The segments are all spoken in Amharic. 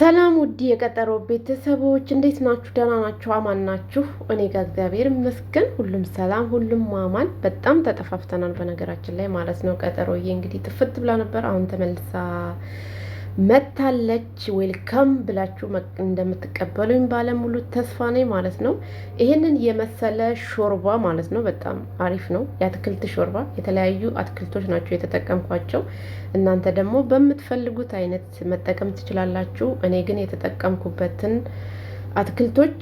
ሰላም ውድ የቀጠሮ ቤተሰቦች እንዴት ናችሁ? ደህና ናችሁ? አማን ናችሁ? እኔ ጋር እግዚአብሔር ይመስገን ሁሉም ሰላም፣ ሁሉም አማን። በጣም ተጠፋፍተናል በነገራችን ላይ ማለት ነው። ቀጠሮዬ እንግዲህ ጥፍት ብላ ነበር። አሁን ተመልሳ መታለች ዌልካም ብላችሁ እንደምትቀበሉኝ ባለሙሉ ተስፋ ነኝ ማለት ነው። ይህንን የመሰለ ሾርባ ማለት ነው በጣም አሪፍ ነው። የአትክልት ሾርባ የተለያዩ አትክልቶች ናቸው የተጠቀምኳቸው። እናንተ ደግሞ በምትፈልጉት አይነት መጠቀም ትችላላችሁ። እኔ ግን የተጠቀምኩበትን አትክልቶች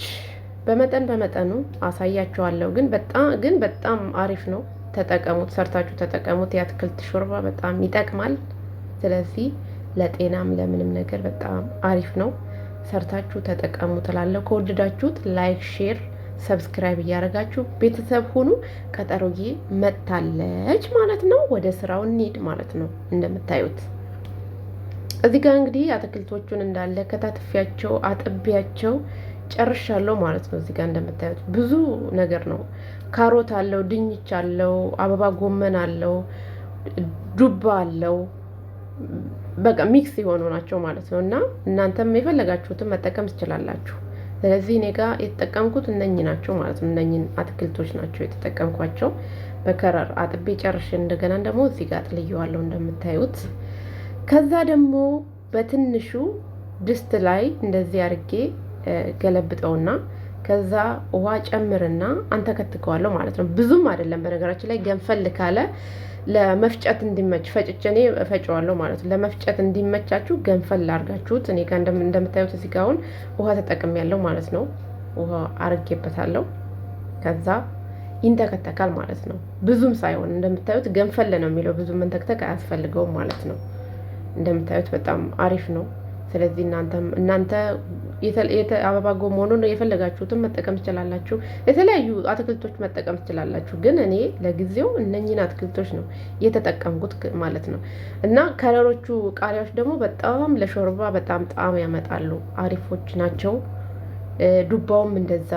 በመጠን በመጠኑ አሳያችኋለሁ። ግን በጣም ግን በጣም አሪፍ ነው። ተጠቀሙት፣ ሰርታችሁ ተጠቀሙት። የአትክልት ሾርባ በጣም ይጠቅማል። ስለዚህ ለጤናም ለምንም ነገር በጣም አሪፍ ነው። ሰርታችሁ ተጠቀሙ ትላለሁ። ከወደዳችሁት ላይክ፣ ሼር፣ ሰብስክራይብ እያደረጋችሁ ቤተሰብ ሁኑ። ቀጠሮዬ መጥታለች ማለት ነው። ወደ ስራው እንሂድ ማለት ነው። እንደምታዩት እዚህ ጋር እንግዲህ አትክልቶቹን እንዳለ ከታትፊያቸው አጥቢያቸው ጨርሻለሁ ማለት ነው። እዚህ ጋር እንደምታዩት ብዙ ነገር ነው። ካሮት አለው፣ ድንች አለው፣ አበባ ጎመን አለው፣ ዱባ አለው በቃ ሚክስ የሆኑ ናቸው ማለት ነው እና እናንተም የፈለጋችሁትን መጠቀም ትችላላችሁ። ስለዚህ እኔ ጋር የተጠቀምኩት እነኝ ናቸው ማለት ነው። እነኝን አትክልቶች ናቸው የተጠቀምኳቸው። በከረር አጥቤ ጨርሽ፣ እንደገና ደግሞ እዚህ ጋር ጥልየዋለሁ እንደምታዩት። ከዛ ደግሞ በትንሹ ድስት ላይ እንደዚህ አድርጌ ገለብጠውና ከዛ ውሃ ጨምርና አንተከትከዋለሁ ማለት ነው። ብዙም አይደለም በነገራችን ላይ ገንፈል ካለ ለመፍጨት እንዲመች ፈጭቼ እኔ እፈጨዋለሁ ማለት ነው። ለመፍጨት እንዲመቻችሁ ገንፈል ላርጋችሁት። እኔ ጋር እንደምታዩት እዚህ ጋር አሁን ውሃ ተጠቅሜያለሁ ማለት ነው። ውሃ አርጌበታለሁ። ከዛ ይንተከተካል ማለት ነው። ብዙም ሳይሆን እንደምታዩት ገንፈል ነው የሚለው ብዙ መንተክተክ አያስፈልገውም ማለት ነው። እንደምታዩት በጣም አሪፍ ነው። ስለዚህ እናንተ አበባ ነው የፈለጋችሁትን መጠቀም ትችላላችሁ። የተለያዩ አትክልቶች መጠቀም ትችላላችሁ። ግን እኔ ለጊዜው እነኝን አትክልቶች ነው የተጠቀምኩት ማለት ነው። እና ከለሮቹ ቃሪያዎች ደግሞ በጣም ለሾርባ በጣም ጣዕም ያመጣሉ። አሪፎች ናቸው። ዱባውም እንደዛ፣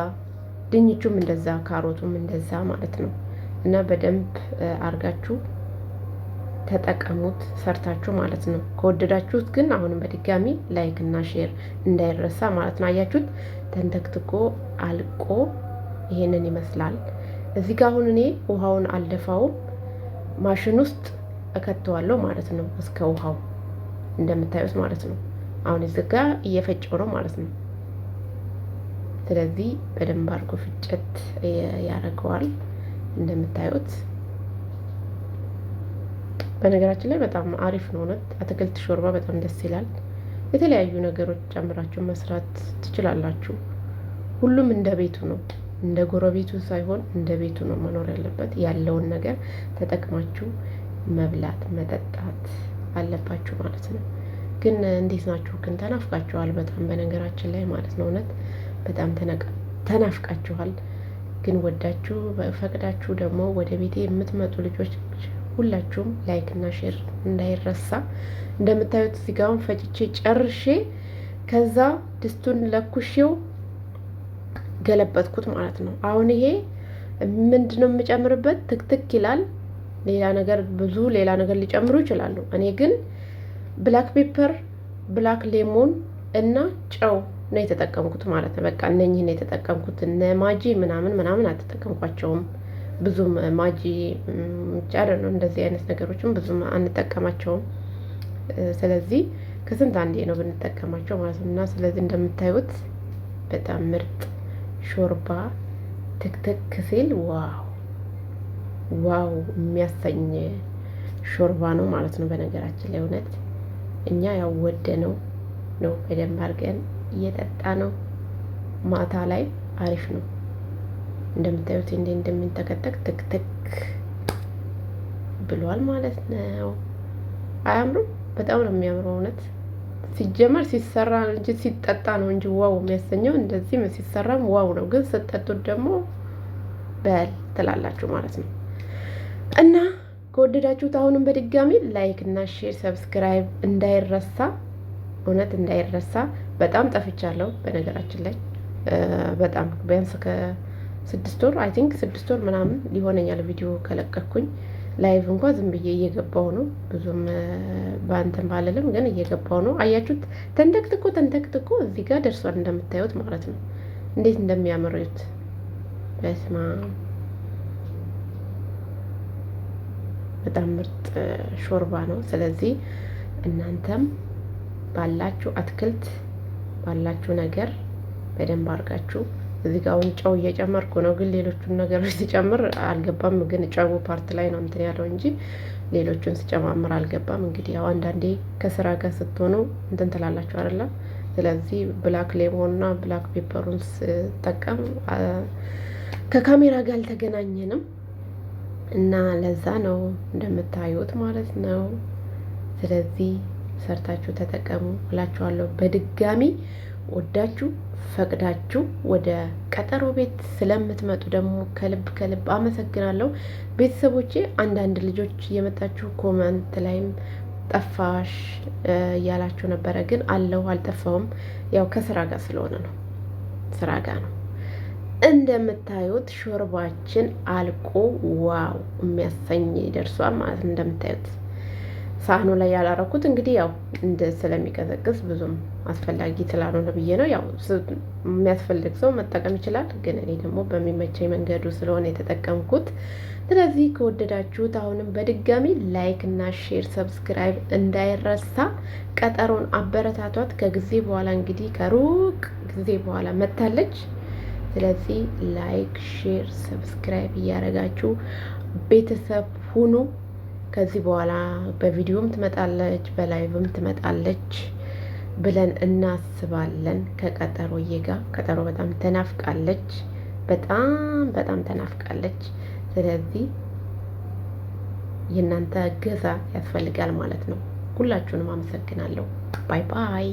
ድንቹም እንደዛ፣ ካሮቱም እንደዛ ማለት ነው። እና በደንብ አርጋችሁ። ተጠቀሙት ሰርታችሁ ማለት ነው። ከወደዳችሁት ግን አሁንም በድጋሚ ላይክ እና ሼር እንዳይረሳ ማለት ነው። አያችሁት ተንተክትኮ አልቆ ይሄንን ይመስላል። እዚህ ጋር አሁን እኔ ውሃውን አልደፋውም፣ ማሽን ውስጥ እከተዋለሁ ማለት ነው። እስከ ውሃው እንደምታዩት ማለት ነው። አሁን እዚህ ጋር እየፈጨው ነው ማለት ነው። ስለዚህ በደንብ አድርጎ ፍጨት ያደርገዋል እንደምታዩት በነገራችን ላይ በጣም አሪፍ ነው እውነት። አትክልት ሾርባ በጣም ደስ ይላል። የተለያዩ ነገሮች ጨምራችሁ መስራት ትችላላችሁ። ሁሉም እንደ ቤቱ ነው፣ እንደ ጎረቤቱ ሳይሆን እንደ ቤቱ ነው መኖር ያለበት። ያለውን ነገር ተጠቅማችሁ መብላት መጠጣት አለባችሁ ማለት ነው። ግን እንዴት ናችሁ? ግን ተናፍቃችኋል በጣም በነገራችን ላይ ማለት ነው እውነት በጣም ተናፍቃችኋል። ግን ወዳችሁ ፈቅዳችሁ ደግሞ ወደ ቤቴ የምትመጡ ልጆች ሁላችሁም ላይክ እና ሼር እንዳይረሳ። እንደምታዩት ስጋውን ፈጭቼ ጨርሼ ከዛ ድስቱን ለኩሼው ገለበጥኩት ማለት ነው። አሁን ይሄ ምንድን ነው የምጨምርበት? ትክትክ ይላል። ሌላ ነገር ብዙ ሌላ ነገር ሊጨምሩ ይችላሉ። እኔ ግን ብላክ ፔፐር፣ ብላክ ሌሞን እና ጨው ነው የተጠቀምኩት ማለት ነው። በቃ እነኚህ ነው የተጠቀምኩት። እነ ማጂ ምናምን ምናምን አልተጠቀምኳቸውም። ብዙም ማጂ ጨር ነው እንደዚህ አይነት ነገሮችን ብዙም አንጠቀማቸውም። ስለዚህ ከስንት አንዴ ነው ብንጠቀማቸው ማለት ነው። እና ስለዚህ እንደምታዩት በጣም ምርጥ ሾርባ ትክትክ ሲል ዋው ዋው የሚያሰኝ ሾርባ ነው ማለት ነው። በነገራችን ላይ እውነት እኛ ያወደ ነው ነው በደንብ አድርገን እየጠጣ ነው ማታ ላይ አሪፍ ነው። እንደምታዩት እንዴ እንደሚንተከተክ ትክትክ ብሏል ማለት ነው። አያምሩም? በጣም ነው የሚያምረው። እውነት ሲጀመር ሲሰራ እንጂ ሲጠጣ ነው እንጂ ዋው የሚያሰኘው እንደዚህ ሲሰራም ዋው ነው፣ ግን ስጠጡት ደግሞ በል ትላላችሁ ማለት ነው። እና ከወደዳችሁት አሁንም በድጋሚ ላይክ እና ሼር ሰብስክራይብ እንዳይረሳ፣ እውነት እንዳይረሳ። በጣም ጠፍቻለሁ በነገራችን ላይ በጣም ቢያንስ ስድስት ወር አይ ቲንክ ስድስት ወር ምናምን ሊሆነኛል ቪዲዮ ከለቀኩኝ። ላይቭ እንኳ ዝም ብዬ እየገባው ነው ብዙም በአንተን ባለልም ግን እየገባው ነው። አያችሁት? ተንተክትኮ ተንተክትኮ እዚህ ጋር ደርሷል እንደምታዩት ማለት ነው። እንዴት እንደሚያምሩት በስማ በጣም ምርጥ ሾርባ ነው። ስለዚህ እናንተም ባላችሁ አትክልት ባላችሁ ነገር በደንብ አድርጋችሁ እዚህ ጋር አሁን ጨው እየጨመርኩ ነው፣ ግን ሌሎቹን ነገሮች ሲጨምር አልገባም። ግን ጨው ፓርት ላይ ነው እንትን ያለው እንጂ ሌሎቹን ሲጨማምር አልገባም። እንግዲህ ያው አንዳንዴ ከስራ ጋር ስትሆኑ እንትን ትላላችሁ አይደለ? ስለዚህ ብላክ ሌሞንና ብላክ ፔፐሩን ስጠቀም ከካሜራ ጋር አልተገናኘንም እና ለዛ ነው እንደምታዩት ማለት ነው። ስለዚህ ሰርታችሁ ተጠቀሙ እላችኋለሁ። በድጋሚ ወዳችሁ ፈቅዳችሁ ወደ ቀጠሮ ቤት ስለምትመጡ ደግሞ ከልብ ከልብ አመሰግናለሁ። ቤተሰቦቼ አንዳንድ ልጆች እየመጣችሁ ኮመንት ላይም ጠፋሽ እያላችሁ ነበረ። ግን አለሁ አልጠፋውም ያው ከስራ ጋር ስለሆነ ነው፣ ስራ ጋር ነው። እንደምታዩት ሾርባችን አልቆ ዋው የሚያሰኝ ደርሷል ማለት እንደምታዩት ሳህኑ ላይ ያላረኩት እንግዲህ ያው እንደ ስለሚቀዘቅዝ ብዙም አስፈላጊ ስላልሆነ ብዬ ነው። ያው የሚያስፈልግ ሰው መጠቀም ይችላል፣ ግን እኔ ደግሞ በሚመቸኝ መንገዱ ስለሆነ የተጠቀምኩት። ስለዚህ ከወደዳችሁት አሁንም በድጋሚ ላይክ እና ሼር፣ ሰብስክራይብ እንዳይረሳ። ቀጠሮን አበረታቷት። ከጊዜ በኋላ እንግዲህ ከሩቅ ጊዜ በኋላ መታለች። ስለዚህ ላይክ፣ ሼር፣ ሰብስክራይብ እያደረጋችሁ ቤተሰብ ሁኑ። ከዚህ በኋላ በቪዲዮም ትመጣለች፣ በላይቭም ትመጣለች ብለን እናስባለን። ከቀጠሮ ጋር ቀጠሮ በጣም ተናፍቃለች፣ በጣም በጣም ተናፍቃለች። ስለዚህ የእናንተ እገዛ ያስፈልጋል ማለት ነው። ሁላችሁንም አመሰግናለሁ። ባይ ባይ